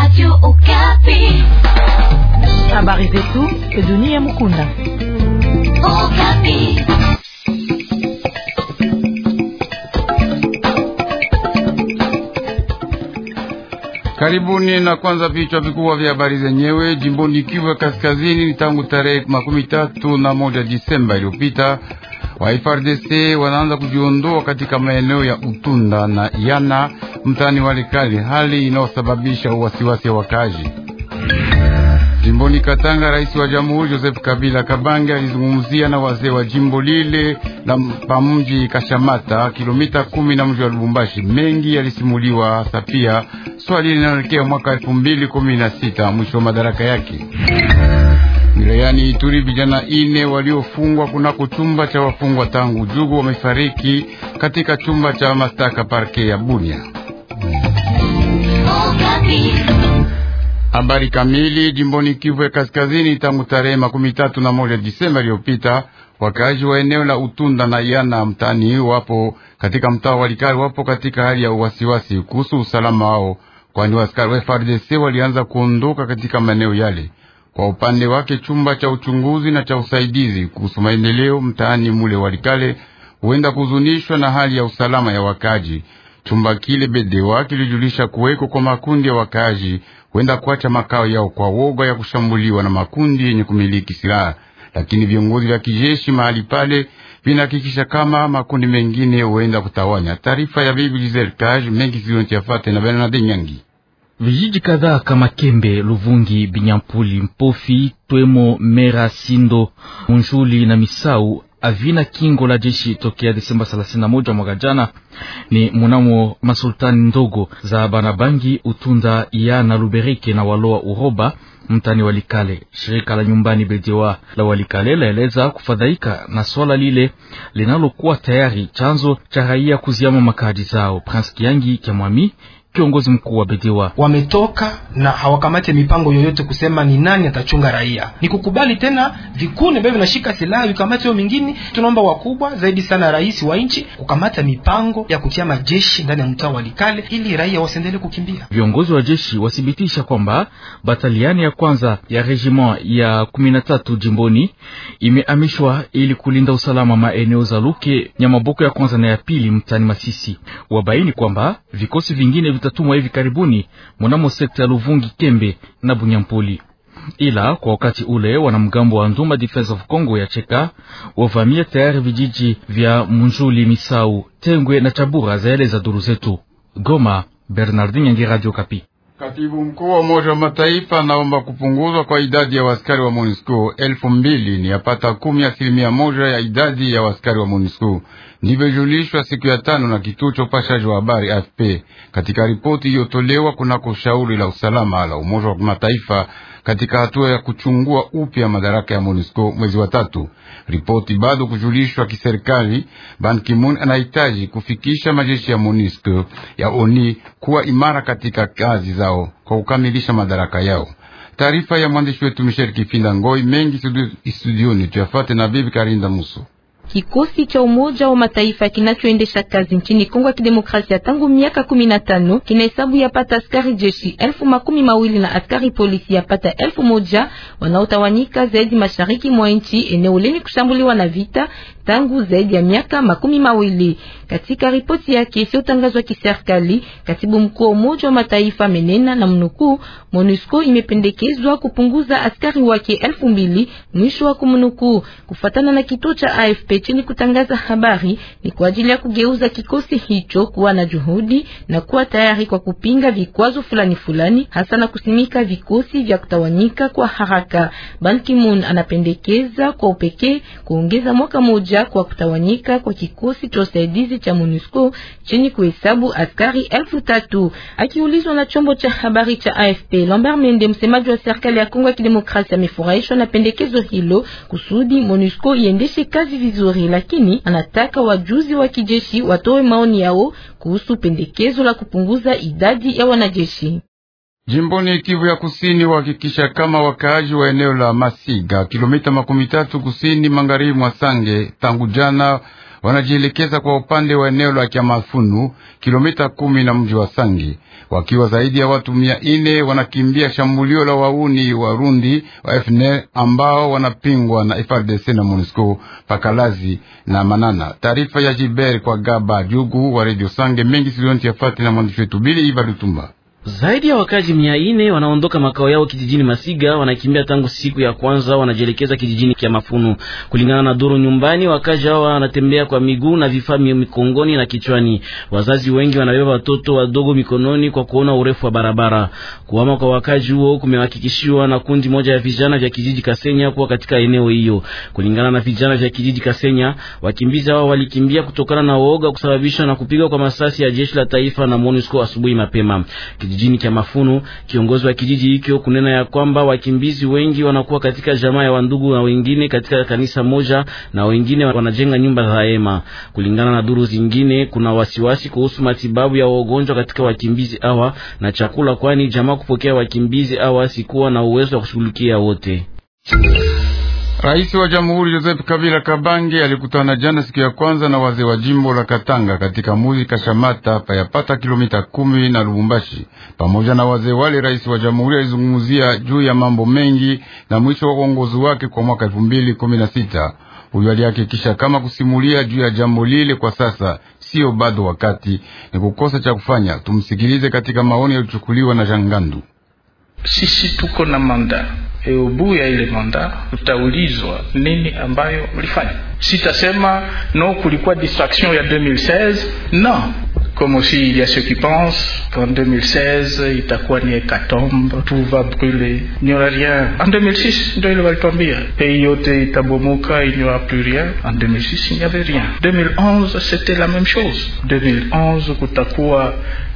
Radio Okapi. Habari zetu Dunia Mukunda. Okapi. Karibuni na kwanza vichwa vikubwa vya habari zenyewe. Jimboni Kivu ya Kaskazini, ni tangu tarehe makumi tatu na moja Disemba iliyopita wa frdc wanaanza kujiondoa katika maeneo ya Utunda na Yana mtaani Walikali, hali inayosababisha uwasiwasi wa wakazi jimboni Katanga. Rais wa Jamhuri Joseph Kabila Kabange alizungumzia na wazee wa jimbo lile la pamji Kashamata, kilomita kumi na mji wa Lubumbashi. Mengi yalisimuliwa hasa pia swali linaelekea mwaka elfu mbili kumi na sita mwisho wa madaraka yake. Wilayani Ituri, vijana ine waliofungwa kunako chumba cha wafungwa tangu jugu wamefariki katika chumba cha mastaka parke ya Bunia. Habari kamili jimboni Kivu ya Kaskazini. Tangu tarehe makumi tatu na moja Disemba iliyopita, wakaaji wa eneo la Utunda na Yana mtani wapo katika mtaa wa Likali wapo katika hali ya uwasiwasi kuhusu usalama wao, kwani askari wa FARDC walianza kuondoka katika maeneo yale. Kwa upande wake, chumba cha uchunguzi na cha usaidizi kuhusu maendeleo mtaani mule Walikale huenda kuzunishwa na hali ya usalama ya wakaji Chumba kile Bedewa kilijulisha kuweko kwa makundi ya wakazi kwenda kuacha makao yao kwa woga ya kushambuliwa na makundi yenye kumiliki silaha, lakini viongozi vya kijeshi mahali pale vinahakikisha kama makundi mengine huenda kutawanya. Taarifa ya bibi Giselle mengi ziliontiafate na Bernard Nyangi. Vijiji kadhaa kama Kembe, Luvungi, Binyampuli, Mpofi, Twemo, Mera, Sindo, Munjuli na Misau havina kingo la jeshi tokea Desemba 31 mwaka jana. Ni mnamo masultani ndogo za Banabangi, Utunda, na Luberike na Waloa Uroba mtani Walikale. Shirika la nyumbani Bedewa la Walikale laeleza kufadhaika na swala lile linalokuwa tayari chanzo cha raia kuziama makazi zao. Prince Kiangi Kyamwami kiongozi mkuu wa Bediwa wametoka na hawakamate mipango yoyote kusema ni nani atachunga raia. Ni kukubali tena vikundi ambavyo vinashika silaha vikamate hiyo mingine. Tunaomba wakubwa zaidi sana, rais wa nchi kukamata mipango ya kutia majeshi ndani ya mtaa wa Likale ili raia wasiendelee kukimbia. Viongozi wa jeshi wathibitisha kwamba bataliani ya kwanza ya regiment ya kumi na tatu jimboni imehamishwa ili kulinda usalama maeneo za Luke, Nyamaboko ya kwanza na ya pili mtani Masisi. Wabaini kwamba vikosi vingine litatumwa hivi karibuni mnamo sekta ya Luvungi, Kembe na Bunyampoli. Ila kwa wakati ule wanamgambo wa Nduma Defense of Congo ya Cheka wavamia tayari vijiji vya Munjuli, Misau, Tengwe na Chabura, zaeleza duru zetu. Goma, Bernardin nyangi Radio Kapi. Katibu mkuu wa Umoja wa Mataifa anaomba kupunguzwa kwa idadi ya waskari wa MONUSCO elfu mbili ni yapata kumi asilimia moja ya idadi ya waskari wa MONUSCO. Ndivyo siku ya tano na kituo cha upashaji wa habari AFP katika ripoti iliyotolewa kunako shauri la usalama la Umoja wa Mataifa katika hatua ya kuchungua upya madaraka ya MONUSCO mwezi wa tatu. Ripoti bado kujulishwa kiserikali. Ban Ki-moon anahitaji kufikisha majeshi ya MONUSCO ya ONI kuwa imara katika kazi zao kwa kukamilisha madaraka yao. Taarifa ya mwandishi wetu Michel Kifinda Ngoi mengi studioni, tuyafate na bibi Karinda Muso. Kikosi cha Umoja wa Mataifa kinachoendesha kazi nchini Kongo ya Kidemokrasia tangu miaka kumi na tano ya pata askari jeshi elfu makumi mawili na askari polisi yapata elfu moja wanaotawanyika zaidi mashariki mwa nchi, eneo lenye kushambuliwa na vita tangu zaidi ya miaka makumi mawili. Katika ripoti yake isiyotangazwa kiserikali, katibu mkuu wa Umoja wa Mataifa menena na mnukuu, MONUSCO imependekezwa kupunguza askari wake elfu mbili mwisho wa kumnukuu, kufuatana na kituo cha AFP Chini kutangaza habari ni kwa ajili ya kugeuza kikosi hicho kuwa na juhudi na kuwa tayari kwa kupinga vikwazo fulani fulani, hasa na kusimika vikosi vya kutawanyika kwa haraka. Ban Ki-moon anapendekeza kwa upekee kuongeza mwaka moja kwa kutawanyika kwa kikosi cha usaidizi cha MONUSCO chini kuhesabu askari elfu tatu. Akiulizwa na chombo cha habari cha AFP, Lambert Mende, msemaji wa serikali ya Kongo ya Kidemokrasia, amefurahishwa na pendekezo hilo kusudi MONUSCO iendeshe kazi vizuri vizuri, lakini anataka wajuzi wa kijeshi watoe maoni yao kuhusu pendekezo la kupunguza idadi ya wanajeshi. Jimboni Kivu ya Kusini wahakikisha kama wakaaji wa eneo la Masiga, kilomita makumi tatu kusini magharibi mwa Sange, tangu jana wanajielekeza kwa upande wa eneo la Kiamafunu, kilomita kumi na mji wa Sangi, wakiwa zaidi ya watu mia ine wanakimbia shambulio la wauni Warundi wa FNL e ambao wanapingwa na FRDC na MONUSCO pakalazi na Manana. Taarifa ya Jiber kwa Gaba Jugu wa Radio Sange mengi silionti yafati na mwandishi wetu Bili Iva Lutumba. Zaidi ya wakazi mia ine wanaondoka makao yao kijijini Masiga, wanakimbia tangu siku ya kwanza, wanajielekeza kijijini kia Mafunu. Kulingana na duru nyumbani, wakazi hawa wanatembea kwa miguu na vifaa mikongoni na kichwani. Wazazi wengi wanabeba watoto wadogo mikononi kwa kuona urefu wa barabara. Kuhama kwa wakazi huo kumehakikishiwa na kundi moja ya vijana vya kijiji Kasenya kuwa katika eneo hiyo. Kulingana na vijana vya kijiji Kasenya, wakimbizi hawa walikimbia kutokana na uoga kusababishwa na kupigwa kwa masasi ya jeshi la taifa na MONUSCO asubuhi mapema kijijini kya Mafunu. Kiongozi wa kijiji hicho kunena ya kwamba wakimbizi wengi wanakuwa katika jamaa ya wandugu na wengine katika kanisa moja na wengine wanajenga nyumba za hema. Kulingana na duru zingine, kuna wasiwasi kuhusu matibabu ya wagonjwa katika wakimbizi hawa na chakula, kwani jamaa kupokea wakimbizi hawa sikuwa na uwezo wa kushughulikia wote. Rais wa Jamhuri Joseph Kabila Kabange alikutana jana siku ya kwanza na wazee wa jimbo la Katanga katika muji Kashamata payapata kilomita kumi na Lubumbashi. Pamoja na wazee wale, rais wa jamhuri alizungumzia juu ya mambo mengi na mwisho wa uongozi wake kwa mwaka elfu mbili kumi na sita. Huyo alihakikisha kama kusimulia juu ya jambo lile kwa sasa siyo bado wakati ni kukosa cha kufanya. Tumsikilize katika maoni yaliyochukuliwa na Jangandu. Sisi tuko na manda Et au bout ya ile manda utaulizwa nini ambayo ulifanya. Sitasema non, kulikuwa distraction ya 2016 non comme aussi il y a ceux qui pensent qu'en 2016 il itakuwa ni tomber, tout va brûler, il n'y aura rien. En 2006 ndio ile tomber. pays yote itabomoka, il n'y aura plus rien. En 2006 il n'y avait rien. 2011 c'était la même chose. 2011 kutakuwa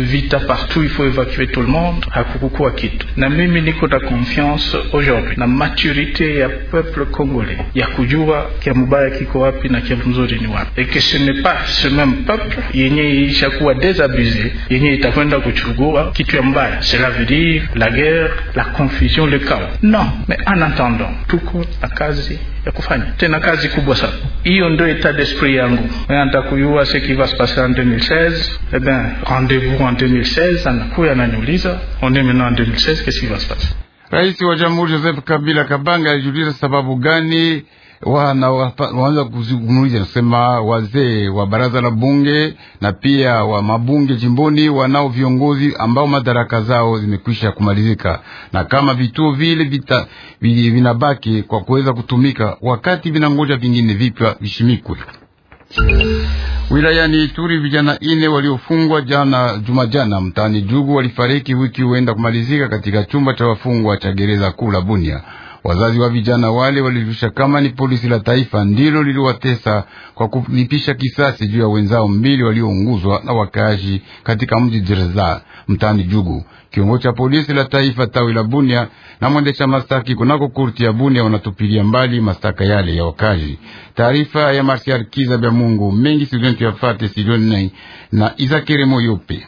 vita partout, il faut évacuer tout le monde, à Akukuku kito. Na mimi niko de confiance aujourd'hui la maturité du peuple congolais ya kujua kia mubaya kiko wapi na a qui ni wapi, et que ce n'est pas ce même peuple yenye ilishakuwa désabusé yenye itakwenda kuchugua kitu ya mbaya, cela veut dire la guerre, la confusion, le chaos. Non, mais en attendant tout y à kazi ya kufanya tena kazi kubwa sana. Hiyo ndio état d'esprit yangu, nataka kujua ce qui va se passer en 2016 eh bien rendez-vous en 2016 anakuya ananiuliza on est maintenant en 2016 qu'est-ce qui va se passer. Rais wa Jamhuri Joseph Kabila Kabanga alijuliza sababu gani wana waanza kuzungumza nasema wazee wa baraza la bunge na pia wa mabunge jimboni wanao viongozi ambao madaraka zao zimekwisha kumalizika, na kama vituo vile vita vinabaki kwa kuweza kutumika wakati vinangoja vingine vipya vishimikwe. Wilayani Ituri vijana ine waliofungwa jana jumajana mtaani Jugu walifariki wiki huenda kumalizika katika chumba cha wafungwa cha gereza kuu la Bunia. Wazazi wa vijana wale walijulisha kama ni polisi la taifa ndilo liliwatesa kwa kulipisha kisasi juu ya wenzao mbili waliounguzwa na wakaaji katika mji Jerza mtaani Jugu. Kiongozi cha polisi la taifa tawi la Bunia na mwendesha mastaki kunako kurti ya Bunia wanatupilia mbali mastaka yale ya wakaji Taarifa ya Marsial Kiza bya Mungu mengi studentu ya fate na Izakiremo yope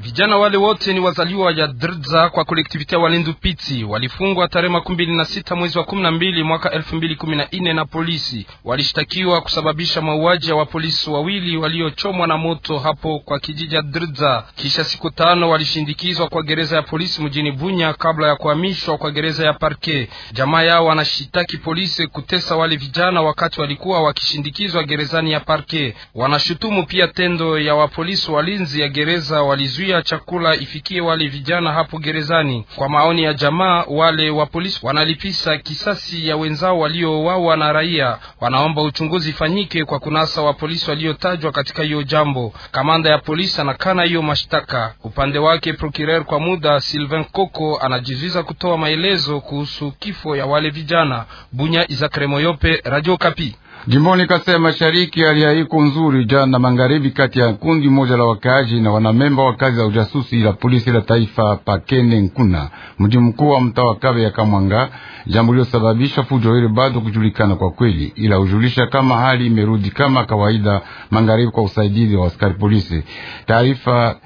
Vijana wale wote ni wazaliwa ya drza kwa kolektiviti ya Walendu Pitsi. Walifungwa tarehe makumi mbili na sita mwezi wa kumi na mbili mwaka elfu mbili kumi na nne na polisi. Walishtakiwa kusababisha mauaji ya wapolisi wawili waliochomwa na moto hapo kwa kijiji ya Drdza. Kisha siku tano walishindikizwa kwa gereza ya polisi mjini Bunya kabla ya kuhamishwa kwa gereza ya Parke. Jamaa yao wanashitaki polisi kutesa wale vijana wakati walikuwa wakishindikizwa gerezani ya Parke. Wanashutumu pia tendo ya wapolisi walinzi ya gereza walizuia kuzuia chakula ifikie wale vijana hapo gerezani. Kwa maoni ya jamaa, wale wa polisi wanalipisa kisasi ya wenzao waliouawa na raia. Wanaomba uchunguzi ifanyike kwa kunasa wa polisi waliotajwa katika hiyo jambo. Kamanda ya polisi anakana hiyo mashtaka. Upande wake, procureur kwa muda Sylvain Koko anajizuiza kutoa maelezo kuhusu kifo ya wale vijana. Bunya, Izakremoyope, Radio Kapi. Jimboni Kasai Mashariki, hali haiko nzuri jana magharibi, kati ya kundi moja la wakaaji na wanamemba wa kazi za ujasusi la polisi la taifa Pakene Nkuna, mji mkuu wa mtaa wa Kabe ya Kamwanga, jambo lilosababisha fujo hili bado kujulikana kwa kweli, ila hujulisha kama hali imerudi kama kawaida magharibi kwa usaidizi wa askari polisi. Taarifa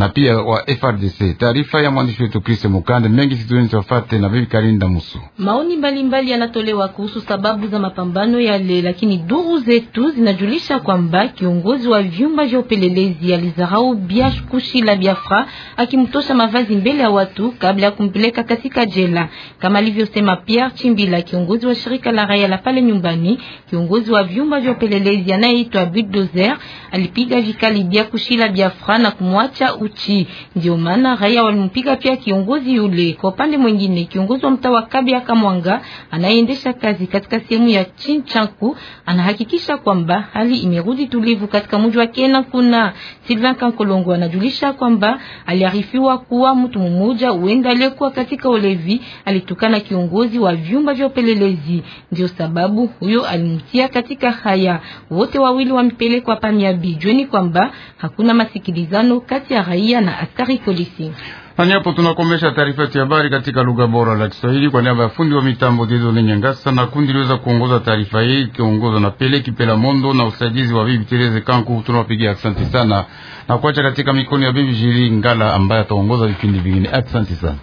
na pia wa FRDC. Taarifa ya mwandishi wetu Chris Mukande mengi situenitafate na bibi Karinda Musu. Maoni mbalimbali yanatolewa kuhusu sababu za mapambano yale, lakini duru zetu zinajulisha kwamba kiongozi wa vyumba vya upelelezi alizarau Biash Kushi la Biafra akimtosha mavazi mbele ya watu kabla ya kumpeleka katika jela, kama alivyosema Pierre Chimbila, kiongozi wa shirika la raia la pale nyumbani. Kiongozi wa vyumba vya upelelezi anayeitwa Bidozer alipiga vikali Biakushi la Biafra na kumwacha Luchi. Ndio maana raia walimpiga pia kiongozi yule. Kwa upande mwingine, kiongozi wa mtaa wa Kabya Kamwanga anaendesha kazi katika sehemu ya Chinchanku anahakikisha kwamba hali imerudi tulivu katika mji wa Kena. Kuna Sylvain Kankolongo anajulisha kwamba aliarifiwa kuwa mtu mmoja huenda aliyekuwa katika ulevi alitukana kiongozi wa vyumba vya upelelezi, ndio sababu huyo alimtia katika haya. Wote wawili wamepelekwa pamiabi. Jueni kwamba hakuna masikilizano kati ya raia raia na askari polisi. Nani hapo tunakomesha taarifa ya habari katika lugha bora la Kiswahili kwa niaba ya fundi wa mitambo Dido lenye na kundi liweza kuongoza taarifa hii ikiongozwa na Pele Kipela Mondo na usaidizi wa Bibi Tereze Kanku. Tunawapigia asante sana na kuacha katika mikono ya Bibi Jiri Ngala ambaye ataongoza vipindi vingine. Asante sana.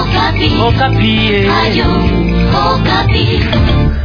Okapi. Okapi. Eh. Ayo. Okapi.